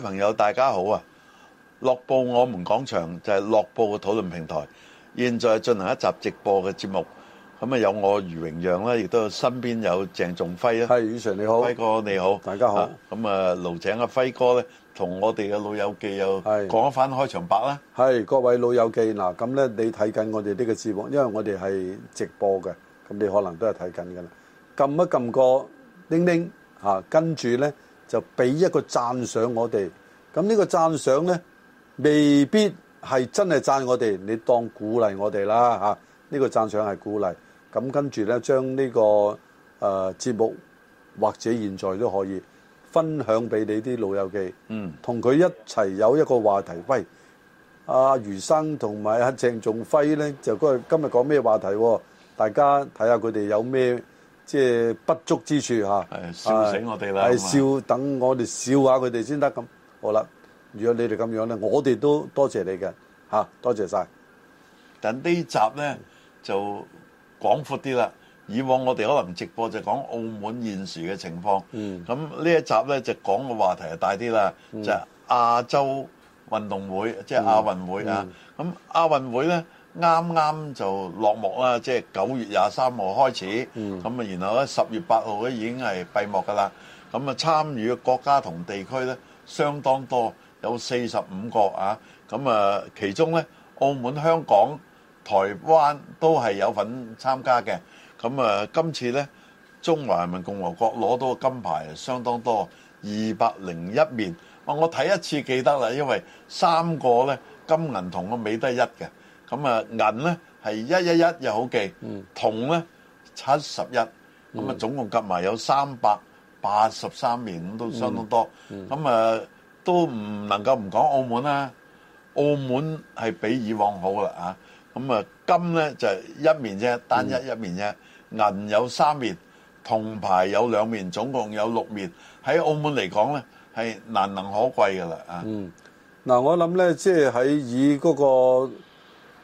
朋友大家好啊！樂報我們講場就係樂報嘅討論平台，現在進行一集直播嘅節目。咁啊，有我余榮讓啦，亦都身邊有鄭仲輝啦。係余 Sir，你好，輝哥你好，大家好。咁啊，爐井啊，輝哥咧，同我哋嘅老友記又講一翻開場白啦。係各位老友記嗱，咁咧你睇緊我哋呢個節目，因為我哋係直播嘅，咁你可能都係睇緊噶啦。撳一撳個叮叮啊，跟住咧。就俾一個讚賞我哋，咁呢個讚賞呢，未必係真係讚我哋，你當鼓勵我哋啦嚇。呢、啊這個讚賞係鼓勵，咁、啊、跟住呢，將呢、這個誒、呃、節目或者現在都可以分享俾你啲老友記，嗯，同佢一齊有一個話題。喂，阿、啊、余生同埋阿鄭仲輝呢，就日今日講咩話題，哦？大家睇下佢哋有咩？即係不足之處嚇，係笑死我哋啦！係笑等我哋笑下佢哋先得咁。好啦，如果你哋咁樣咧，我哋都多謝你嘅嚇，多謝晒。但呢集咧就廣闊啲啦。以往我哋可能直播就講澳門現時嘅情況，嗯，咁呢一集咧就講嘅話題係大啲啦，就亞洲運動會，即係亞運會啊。咁亞運會咧。啱啱就落幕啦，即係九月廿三號開始，咁啊，然後咧十月八號咧已經係閉幕噶啦。咁啊，參與嘅國家同地區咧相當多，有四十五個啊。咁啊，其中咧澳門、香港、台灣都係有份參加嘅。咁啊，今次咧中華人民共和國攞到金牌相當多，二百零一面。我我睇一次記得啦，因為三個咧金銀銅嘅美得一嘅。咁啊銀咧係一一一又好記，銅咧七十一，咁啊總共夾埋有三百八十三面咁都相當多，咁啊都唔能夠唔講澳門啦。澳門係比以往好啦啊！咁啊金咧就係一面啫，單一一面啫，銀有三面，銅牌有兩面，總共有六面喺澳門嚟講咧係難能可貴噶啦啊！嗯嗱我諗咧即係喺以嗰個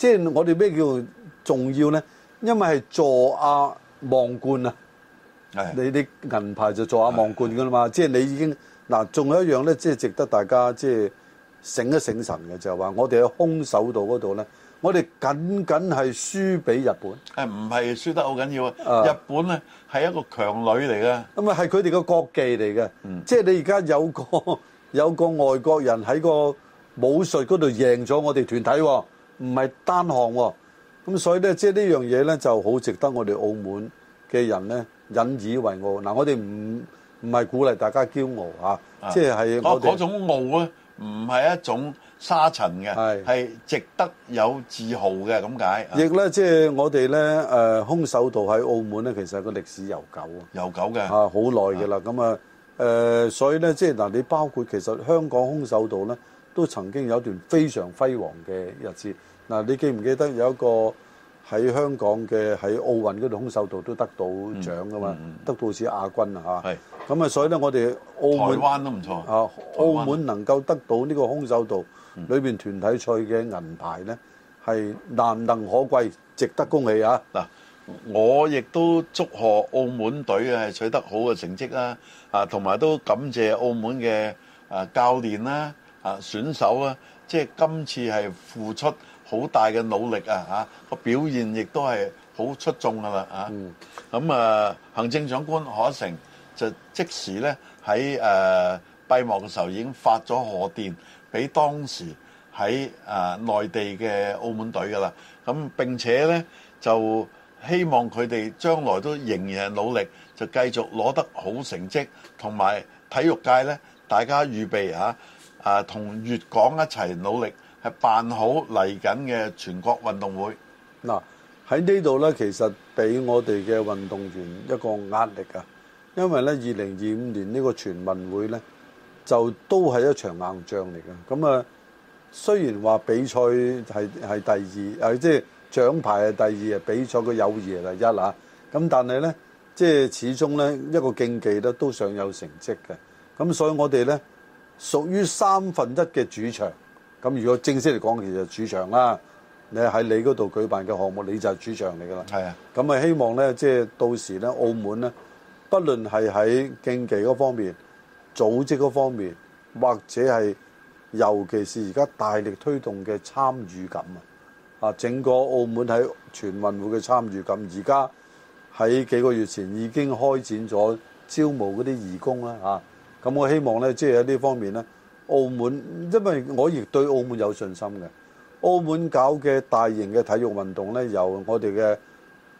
即係我哋咩叫重要咧？因為係坐亞望冠啊！你啲銀牌就坐亞望冠噶啦嘛！即係你已經嗱，仲有一樣咧，即係值得大家即係醒一醒神嘅，就係話我哋喺空手道嗰度咧，我哋僅僅係輸俾日本，係唔係輸得好緊要啊？日本咧係、啊、一個強女嚟嘅，咁啊係佢哋嘅國技嚟嘅，即係你而家有個有個外國人喺個武術嗰度贏咗我哋團體喎、啊。唔係單項喎，咁所以咧，即係呢樣嘢咧就好值得我哋澳門嘅人咧引以為傲。嗱，我哋唔唔係鼓勵大家驕傲啊，即係係哦，嗰種傲咧唔係一種沙塵嘅，係值得有自豪嘅咁解。亦咧即係我哋咧誒空手道喺澳門咧，其實係個歷史悠久啊，悠久嘅啊好耐嘅啦。咁啊誒，所以咧即係嗱，你包括其實香港空手道咧都曾經有段非常輝煌嘅日子。嗱，你記唔記得有一個喺香港嘅喺奧運嗰度空手道都得到獎㗎嘛？得到次亞軍啊嚇。咁啊，所以咧，我哋澳門都唔錯啊！澳門能夠得到呢個空手道裏邊團體賽嘅銀牌咧，係難能可貴，值得恭喜啊！嗱，我亦都祝賀澳門隊啊取得好嘅成績啦！啊，同埋都感謝澳門嘅啊教練啦、啊選手啊，即係今次係付出好大嘅努力啊！嚇、啊、個表現亦都係好出眾噶啦嚇。咁啊，行政長官賀一誠就即時咧喺誒閉幕嘅時候已經發咗賀電俾當時喺誒、呃、內地嘅澳門隊噶啦。咁、啊、並且咧就希望佢哋將來都仍然係努力，就繼續攞得好成績。同埋體育界咧，大家預備嚇啊，同、呃、粵港一齊努力。係辦好嚟緊嘅全國運動會，嗱喺呢度呢，其實俾我哋嘅運動員一個壓力啊！因為呢，二零二五年呢個全運會呢，就都係一場硬仗嚟嘅。咁啊，雖然話比賽係係第二，誒即係獎牌係第二啊，比賽嘅友誼係第一啦。咁但係呢，即係始終呢，一個競技呢都想有成績嘅。咁所以我哋呢，屬於三分一嘅主場。咁如果正式嚟講，其實主場啦，你喺你嗰度舉辦嘅項目，你就係主場嚟噶啦。係啊，咁啊希望咧，即係到時咧，澳門咧，不論係喺競技嗰方面、組織嗰方面，或者係尤其是而家大力推動嘅參與感啊，啊，整個澳門喺全運會嘅參與感，而家喺幾個月前已經開展咗招募嗰啲義工啦，吓、啊，咁我希望咧，即係喺呢方面咧。澳門，因為我亦對澳門有信心嘅。澳門搞嘅大型嘅體育運動呢，由我哋嘅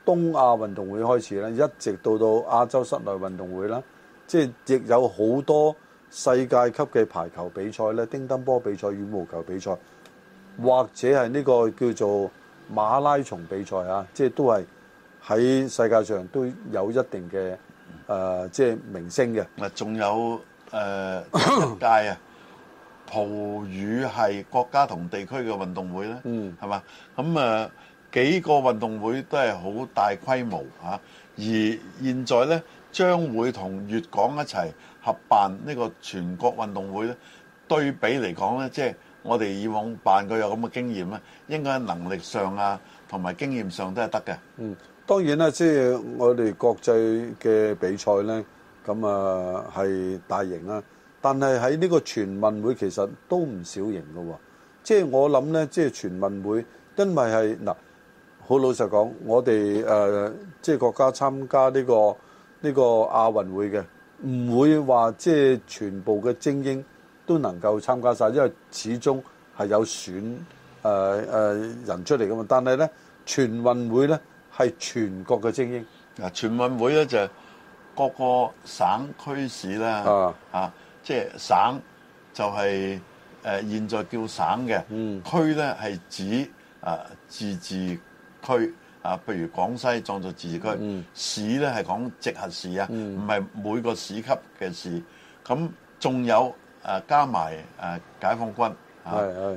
東亞運動會開始咧，一直到到亞洲室內運動會啦，即係亦有好多世界級嘅排球比賽咧、乒乓波比賽、羽毛球比賽，或者係呢個叫做馬拉松比賽啊，即係都係喺世界上都有一定嘅誒、呃，即係明星嘅。唔仲有誒入啊！呃 葡語係國家同地區嘅運動會咧、嗯，嗯，係嘛？咁啊幾個運動會都係好大規模、啊、而現在咧將會同粵港一齊合辦呢個全國運動會咧，對比嚟講咧，即係我哋以往辦過有咁嘅經驗咧，應該能力上啊同埋經驗上都係得嘅。嗯，當然啦，即、就、係、是、我哋國際嘅比賽咧，咁啊係大型啦、啊。但係喺呢個全運會其實都唔少型噶喎，即係我諗呢，即係全運會，因為係嗱，好老實講，我哋誒即係國家參加呢個呢個亞運會嘅，唔會話即係全部嘅精英都能夠參加晒，因為始終係有選、呃呃、人出嚟噶嘛。但係呢，全運會呢係全國嘅精英嗱，全運會呢就各個省區市啦啊。即係省就係誒，現在叫省嘅區咧係指啊自治區啊，譬如廣西壯族自治區市咧係講直轄市啊，唔係每個市級嘅市。咁仲有啊，加埋啊，解放軍啊，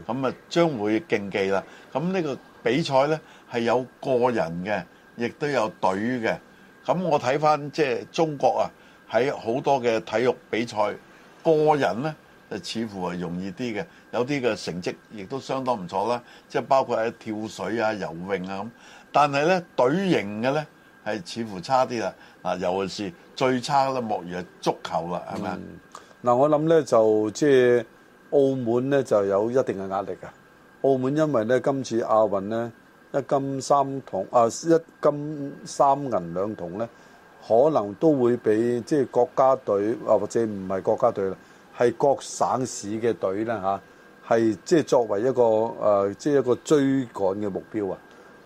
咁啊將會競技啦。咁呢個比賽咧係有個人嘅，亦都有隊嘅。咁我睇返即係中國啊，喺好多嘅體育比賽。個人呢誒似乎係容易啲嘅，有啲嘅成績亦都相當唔錯啦，即係包括喺跳水啊、游泳啊咁。但係呢隊形嘅呢係似乎差啲啦，嗱，尤其是最差啦，莫如係足球啦，係咪？嗱，我諗呢就即係澳門呢就有一定嘅壓力㗎。澳門因為呢今次亞運呢，一金三銅啊，一金三銀兩銅呢。可能都會俾即係國家隊啊，或者唔係國家隊啦，係各省市嘅隊啦。吓，係即係作為一個誒，即係一個追趕嘅目標啊。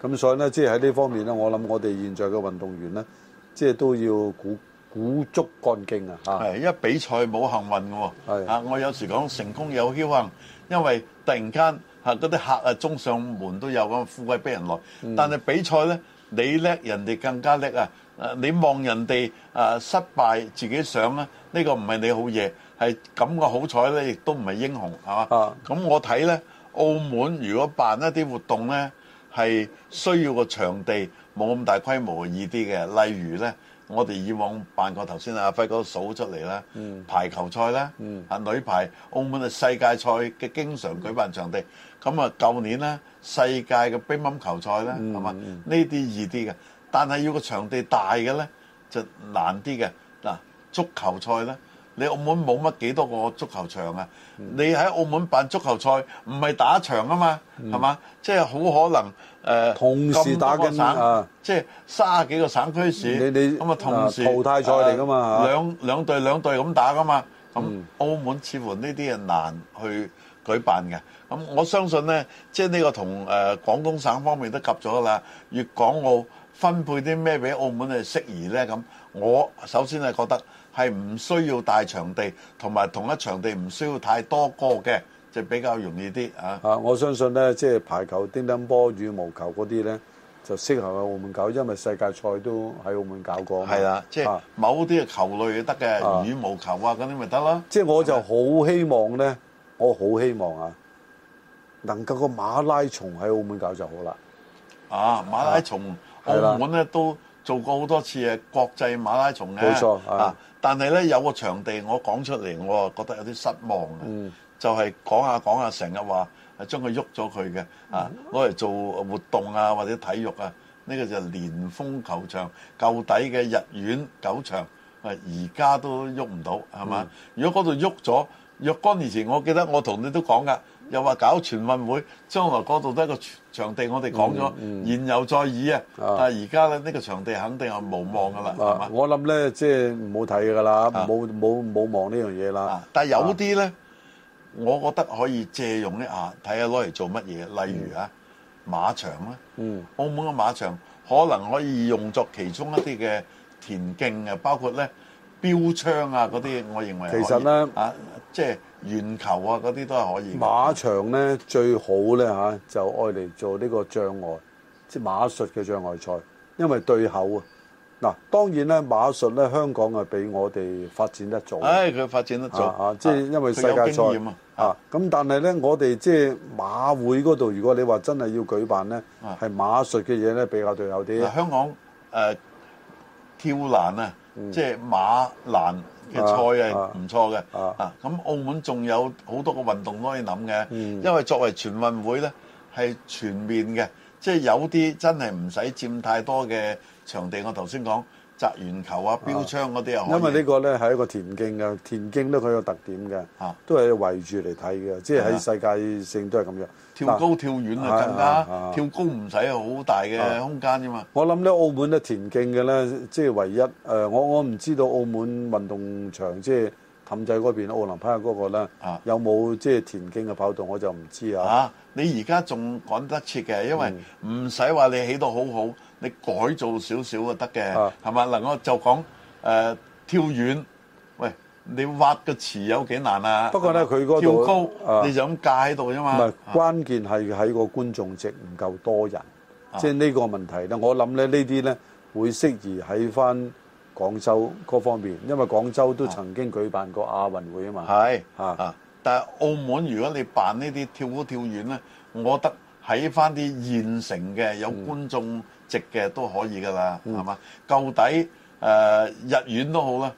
咁所以呢，即係喺呢方面呢，我諗我哋現在嘅運動員呢，即係都要鼓鼓足幹勁啊！嚇，係因為比賽冇幸運嘅喎。嚇，我有時講成功有僥幸，因為突然間嚇嗰啲客啊，中上門都有咁富貴逼人來，嗯、但係比賽呢，你叻人哋更加叻啊！誒，你望人哋誒失敗，自己想咧，呢、這個唔係你好嘢，係咁嘅好彩咧，亦都唔係英雄，係嘛？啊！咁我睇咧，澳門如果辦一啲活動咧，係需要個場地冇咁大規模易啲嘅，例如咧，我哋以往辦過頭先阿輝哥數出嚟啦，嗯，排球賽啦，嗯，啊女排，澳門係世界賽嘅經常舉辦場地，咁啊舊年咧世界嘅乒乓球賽啦係嘛？呢啲、嗯、易啲嘅。但係要個場地大嘅呢，就難啲嘅。嗱、啊，足球賽呢，你澳門冇乜幾多個足球場啊？嗯、你喺澳門辦足球賽，唔係打場啊嘛，係、嗯、嘛、就是呃啊？即係好可能同咁打個省，即係三十幾個省區市，咁啊同時啊淘汰賽嚟㗎嘛、啊兩，兩隊兩隊咁打㗎嘛。咁、嗯嗯、澳門似乎呢啲嘢難去舉辦嘅。咁、啊、我相信呢，即係呢個同誒、呃、廣東省方面都及咗㗎啦，粵港澳。分配啲咩俾澳門係適宜咧咁？我首先係覺得係唔需要大場地，同埋同一場地唔需要太多個嘅，就比較容易啲啊！啊，我相信咧，即係排球、乒乓波、羽毛球嗰啲咧，就適合喺澳門搞，因為世界賽都喺澳門搞過。係啦、啊啊，即係某啲嘅球類得嘅、啊，羽毛球啊嗰啲咪得咯。即係我就好希望咧，我好希望啊，能夠個馬拉松喺澳門搞就好啦。啊，馬拉松，啊澳門咧都做過好多次嘅國際馬拉松嘅，冇錯啊！但係咧有個場地，我講出嚟我啊覺得有啲失望，嗯，就係講下講下，成日話誒將佢喐咗佢嘅啊，攞嚟做活動啊或者體育啊，呢個就蓮峰球場舊底嘅逸園狗場，啊而家都喐唔到係嘛？如果嗰度喐咗，若干年前我記得我同你都講㗎。又話搞全運會，將來嗰度都係一個場地我，我哋講咗，然後再議啊！但係而家咧，呢、呢個場地肯定係無望噶啦、啊，我諗咧，即係唔好睇㗎啦，冇冇冇望呢樣嘢啦。但係有啲咧、啊，我覺得可以借用呢，睇下攞嚟做乜嘢。例如啊，嗯、馬場啦、啊嗯，澳門嘅馬場可能可以用作其中一啲嘅田徑啊，包括咧標槍啊嗰啲，我認為其實咧啊，即、就、係、是。圓球啊，嗰啲都係可以。馬場咧最好咧嚇、啊，就愛嚟做呢個障礙，即馬術嘅障礙賽，因為對口啊。嗱，當然咧馬術咧香港係比我哋發展得早。唉、哎，佢發展得早啊，啊，即因為世界賽啊。咁、啊、但係咧，我哋即馬會嗰度，如果你話真係要舉辦咧，係、啊、馬術嘅嘢咧比較對口啲、啊。香港誒、呃、跳欄啊！即、嗯、係、就是、馬蘭嘅賽係唔錯嘅，啊咁、啊、澳門仲有好多個運動都可以諗嘅、嗯，因為作為全運會咧係全面嘅，即、就、係、是、有啲真係唔使佔太多嘅場地，我頭先講。摘鉛球啊、標槍嗰啲啊，因為呢個咧係一個田徑嘅，田徑都佢有特點嘅、啊，都係圍住嚟睇嘅，即係喺世界性都係咁樣。跳高跳更、啊啊、跳遠啊，更加跳高唔使好大嘅空間啫嘛。我諗咧，澳門嘅田徑嘅咧，即係唯一誒、呃，我我唔知道澳門運動場即係氹仔嗰邊、奧林匹克嗰個咧、啊，有冇即係田徑嘅跑道？我就唔知啊。啊，你而家仲講得切嘅，因為唔使話你起到好好。嗯你改造少少就得嘅，係嘛？嗱，我就講誒跳遠。喂，你挖個池有幾難啊？不過咧，佢嗰度跳高，你就咁架喺度啫嘛。唔係，關鍵係喺個觀眾席唔夠多人，即係呢個問題咧。我諗咧，呢啲咧會適宜喺翻廣州嗰方面，因為廣州都曾經舉辦過亞運會啊嘛。係啊，但係澳門，如果你辦呢啲跳高跳遠咧，我覺得喺翻啲現成嘅有觀眾。席嘅都可以噶啦，係、嗯、嘛？夠底、呃、日院都好啦，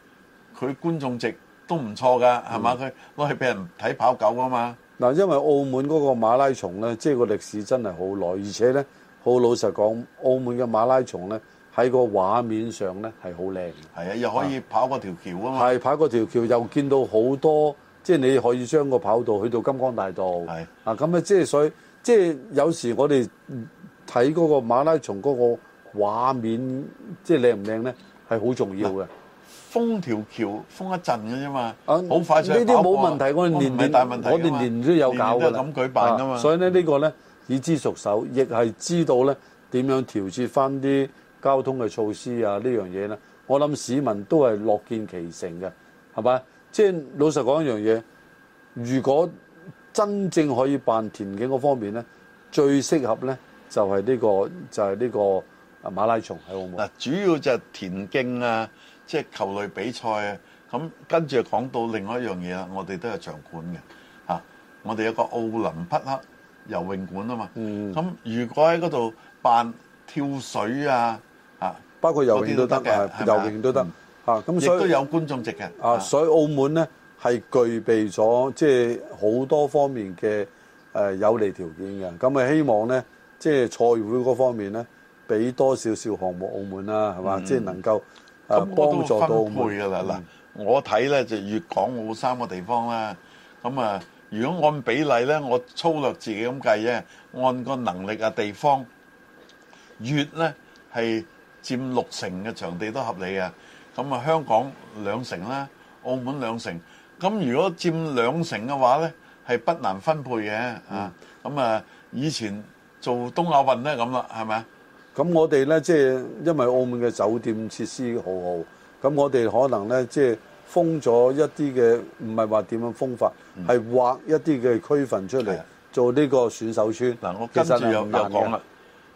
佢觀眾席都唔錯噶，係、嗯、嘛？佢攞去俾人睇跑狗啊嘛、嗯。嗱，因為澳門嗰個馬拉松咧，即、就、係、是、個歷史真係好耐，而且咧，好老實講，澳門嘅馬拉松咧，喺個畫面上咧係好靚。係啊，啊，又可以跑過條橋啊嘛。係跑過條橋，又見到好多，即、就、係、是、你可以將個跑道去到金光大道。係啊，咁、嗯、啊、嗯，即係所以，即係有時我哋。睇嗰個馬拉松嗰個畫面，即係靚唔靚咧，係好重要嘅、啊、封條橋封一陣嘅啫、啊啊、嘛，好快呢啲冇問題，我哋年年我哋年年都有搞嘅咁舉辦嘛啊嘛，所以咧呢個咧以知熟手，亦係知道咧點樣調節翻啲交通嘅措施啊這樣呢樣嘢咧。我諗市民都係樂見其成嘅，係咪？即係老實講一樣嘢，如果真正可以辦田徑嗰方面咧，最適合咧。就係呢個，就係呢個馬拉松喺澳門。嗱，主要就係田徑啊，即係球類比賽啊。咁跟住就講到另外一樣嘢啦，我哋都係場館嘅嚇。我哋有個奧林匹克游泳館啊嘛。嗯。咁如果喺嗰度辦跳水啊，嚇，包括游泳都得嘅，係嘛？游泳都得嚇。咁所以都有觀眾席嘅。啊，所以澳門咧係具備咗即係好多方面嘅誒有利條件嘅。咁啊，希望咧。即係賽會嗰方面呢，俾多少少項目澳門啦，係嘛？即、嗯、係、嗯嗯、能夠啊幫助到澳門噶啦嗱。我睇呢就粵港澳三個地方啦。咁、嗯、啊、嗯，如果按比例呢，我粗略自己咁計咧，按個能力啊地方，粵呢係佔六成嘅場地都合理啊。咁、嗯、啊、嗯，香港兩成啦，澳門兩成。咁如果佔兩成嘅話呢，係不難分配嘅啊。咁、嗯、啊、嗯嗯，以前。做東亞運咧咁啦，係咪啊？咁我哋咧即係因為澳門嘅酒店設施好好，咁我哋可能咧即係封咗一啲嘅，唔係話點樣封法，係劃一啲嘅區份出嚟做呢個選手村。嗱，我跟住又難講啦。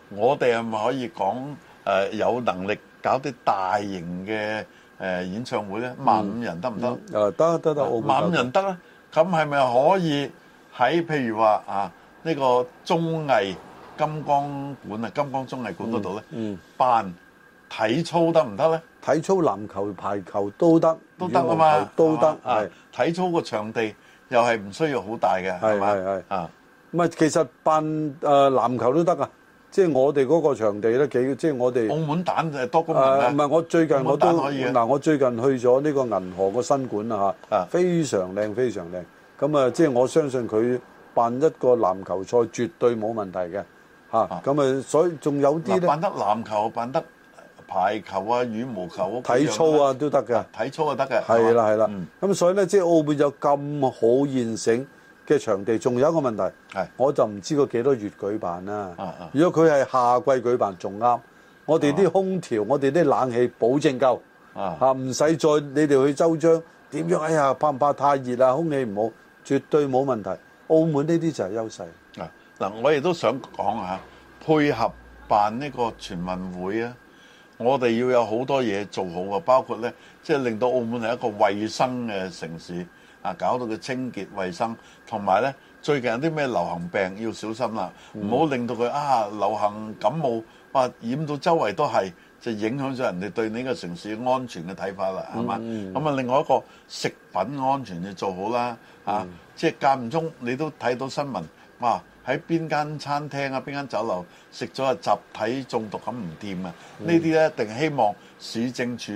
我哋係咪可以講誒有能力搞啲大型嘅誒演唱會咧？萬五人得唔得？誒得得得，萬五人得啦。咁係咪可以喺譬如話啊呢個綜藝金光館啊，金光綜藝館嗰度咧，辦體操得唔得咧？體操、籃球、排球都得，都得啊嘛，都得。係體操個場地又係唔需要好大嘅，係嘛？係啊，唔係其實辦誒、呃、籃球都得啊，即係我哋嗰個場地咧幾，即係我哋澳門蛋就誒多公唔啊？唔、呃、係我最近可以我都嗱、啊，我最近去咗呢個銀河個新館啊，嚇，非常靚，非常靚。咁啊，即係我相信佢辦一個籃球賽絕對冇問題嘅。啊，咁、啊、咪所以仲有啲咧，辦得籃球、辦得排球啊、羽毛球、啊、體操啊，都得㗎。體操啊，得嘅。係啦，係啦。咁、嗯啊、所以咧，即係澳門有咁好現成嘅場地，仲有一個問題，係、我就唔知佢幾多月舉辦啦、啊啊啊。如果佢係夏季舉辦，仲啱。我哋啲空調，啊、我哋啲冷氣保證夠。啊唔使再你哋去周章點樣？哎呀，怕唔怕太熱啊？空氣唔好，絕對冇問題。澳門呢啲就係優勢。我亦都想講配合辦呢個全運會啊，我哋要有好多嘢做好包括呢，即係令到澳門係一個衛生嘅城市啊，搞到佢清潔衛生，同埋呢，最近有啲咩流行病要小心啦，唔好令到佢啊流行感冒哇，染到周圍都係，就影響咗人哋對呢個城市安全嘅睇法啦，係嘛？咁啊，另外一個食品安全要做好啦，啊，即係間唔中你都睇到新聞哇！喺邊間餐廳啊，邊間酒樓食咗啊，集體中毒咁唔掂啊！呢啲呢，一定希望市政署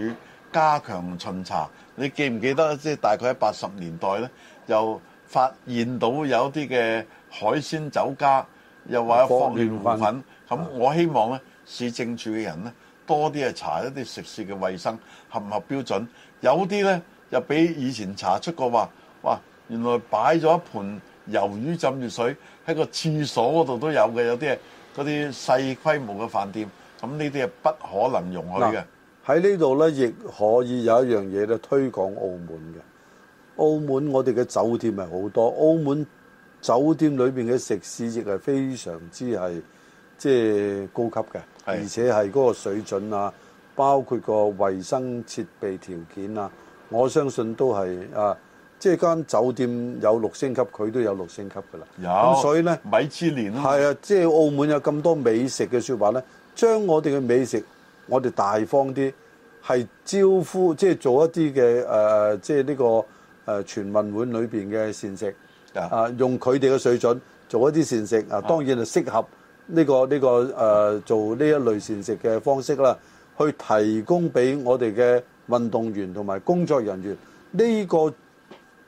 加強巡查。你記唔記得即係大概喺八十年代呢，又發現到有啲嘅海鮮酒家又話有化學物品。咁我希望呢，市政署嘅人呢，多啲去查一啲食肆嘅衛生合唔合標準。有啲呢，又畀以前查出過話，哇！原來擺咗一盤魷魚浸住水。喺個廁所嗰度都有嘅，有啲係嗰啲細規模嘅飯店，咁呢啲係不可能容許嘅。喺呢度呢，亦可以有一樣嘢咧推廣澳門嘅。澳門我哋嘅酒店係好多，澳門酒店裏邊嘅食肆亦係非常之係即係高級嘅，而且係嗰個水準啊，包括個衞生設備條件啊，我相信都係啊。即係間酒店有六星級，佢都有六星級噶啦。咁所以呢，米芝蓮咯，啊！即係澳門有咁多美食嘅說法呢將我哋嘅美食，我哋大方啲，係招呼即係做一啲嘅、呃、即係呢、這個誒全文會裏面嘅膳食啊、yeah. 呃，用佢哋嘅水準做一啲膳食啊，當然係適合呢、這個呢、這個誒、呃、做呢一類膳食嘅方式啦，去提供俾我哋嘅運動員同埋工作人員呢、這個。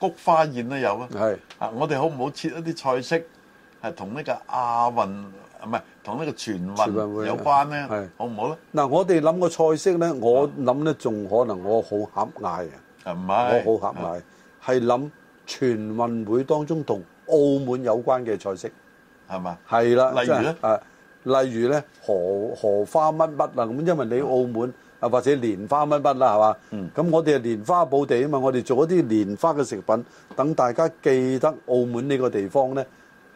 菊花宴都有啊，啊！我哋好唔好設一啲菜式係同呢個亞運唔係同呢個全運有關咧？好唔好咧？嗱，我哋諗個菜式咧，我諗咧仲可能我好狹隘啊！唔係，我好狹隘，係諗全運會當中同澳門有關嘅菜式，係嘛？係啦，例如咧，啊，例如咧，荷荷花乜乜啊？咁因為你喺澳門。啊，或者蓮花乜乜啦，係嘛？咁、嗯、我哋係蓮花寶地啊嘛，我哋做一啲蓮花嘅食品，等大家記得澳門呢個地方呢，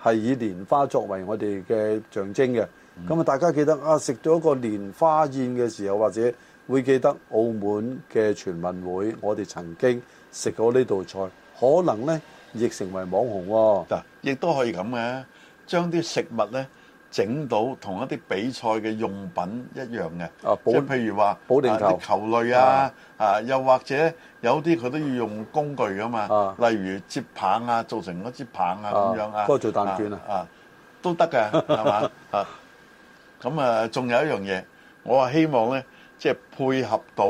係以蓮花作為我哋嘅象徵嘅。咁、嗯、啊，大家記得啊，食咗個蓮花宴嘅時候，或者會記得澳門嘅傳聞會，我哋曾經食過呢道菜，可能呢亦成為網紅喎、哦。亦都可以咁嘅、啊，將啲食物呢。整到同一啲比賽嘅用品一樣嘅，即、啊、譬如話保齡球、啊、球類啊，啊、啊又或者有啲佢都要用工具噶嘛、啊啊，例如接棒啊，做成嗰支棒啊咁樣啊，多做彈啊，啊都得嘅係嘛啊，咁啊，仲、啊 啊、有一樣嘢，我啊希望咧，即、就、係、是、配合到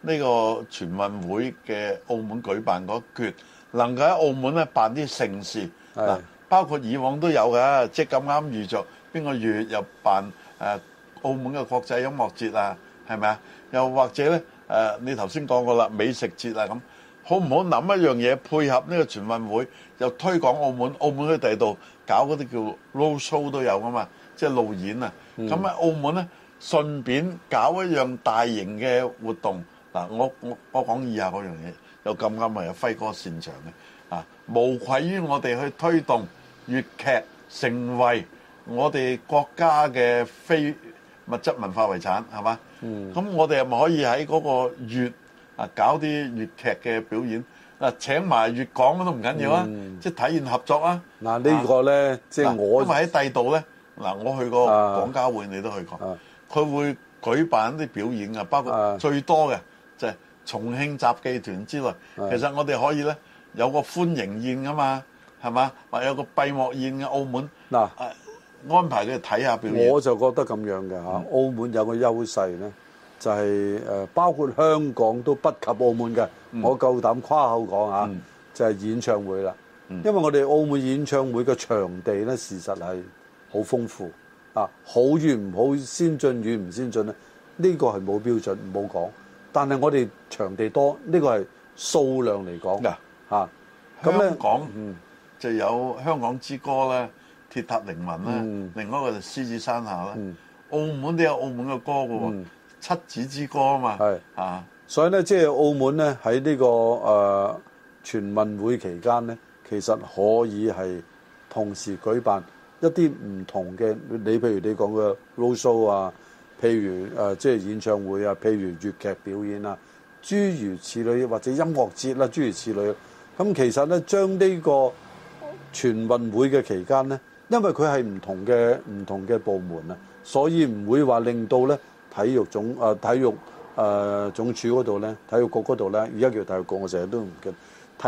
呢個全運會嘅澳門舉辦嗰一能夠喺澳門咧辦啲盛事嗱、啊，包括以往都有嘅，即係咁啱預著。邊個月又辦誒澳門嘅國際音樂節啊？係咪啊？又或者咧誒，你頭先講過啦，美食節啊咁，好唔好諗一樣嘢配合呢個全運會，又推廣澳門澳門去第度搞嗰啲叫 road show 都有噶嘛，即係露演啊。咁喺，澳門咧順便搞一樣大型嘅活動嗱，我我我講以下嗰樣嘢，又咁啱咪又輝哥擅長嘅啊，無愧於我哋去推動粵劇成為我哋國家嘅非物質文化遺產係嘛？咁我哋係咪可以喺嗰個粵啊搞啲粵劇嘅表演？嗱，請埋粵港都唔緊要啊，即係體現合作啊！嗱，呢個咧即係我因為喺第度咧，嗱，我去過廣交會，你都去過，佢會舉辦啲表演啊，包括最多嘅就係重慶雜技團之類。其實我哋可以咧有個歡迎宴㗎嘛，係嘛，或有個閉幕宴嘅澳門嗱。安排你睇下俾我就覺得咁樣嘅嚇，澳門有個優勢呢就係誒包括香港都不及澳門嘅，嗯，我夠膽誇口講嚇，就係演唱會啦，嗯。因為我哋澳門演唱會嘅場地呢，事實係好豐富啊，好與唔好先進與唔先進呢，呢個係冇標準唔好講。但係我哋場地多，呢個係數量嚟講嗱嚇。咁咧就有香港之歌呢。鐵塔凌雲啦，另外一個就獅子山下啦、嗯。澳門都有澳門嘅歌嘅喎、嗯，七子之歌啊嘛。係啊，所以咧，即、就、係、是、澳門咧喺呢在、這個誒全運會期間咧，其實可以係同時舉辦一啲唔同嘅，你譬如你講嘅 road show 啊，譬如誒即係演唱會啊，譬如粵劇表演啊，諸如此類，或者音樂節啦、啊，諸如此類。咁其實咧，將呢個全運會嘅期間咧。因為佢係唔同嘅唔同嘅部門啊，所以唔會話令到咧體育總啊、呃、體育誒、呃、總署嗰度咧體育局嗰度咧，而家叫體育局，我成日都唔記得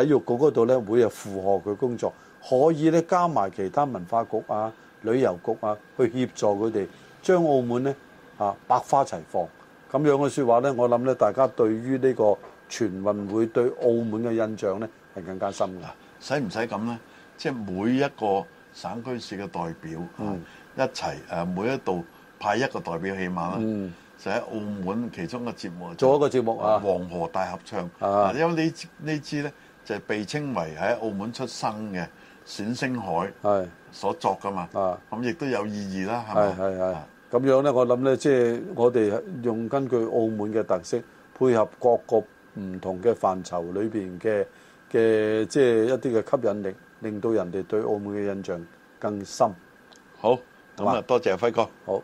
體育局嗰度咧，會啊輔助佢工作，可以咧加埋其他文化局啊、旅遊局啊，去協助佢哋，將澳門咧啊百花齊放咁樣嘅説話咧，我諗咧大家對於呢個全運會對澳門嘅印象咧係更加深㗎。使唔使咁呢？即係每一個。省區市嘅代表，嗯、一齊誒，每一度派一個代表起碼啦、嗯，就喺澳門其中嘅節目，做一個節目啊，《黃河大合唱》啊，因為呢支，支呢支咧就係、被稱為喺澳門出生嘅冼星海所作噶嘛，啊，咁亦都有意義啦，係咪、啊？係係，咁、啊啊、樣呢，我諗呢，即、就、係、係、我哋用根據澳門嘅特色，配合各個唔同嘅範疇裏邊嘅嘅即係一啲嘅吸引力。令到人哋對澳門嘅印象更深。好，咁啊，多謝輝哥。好。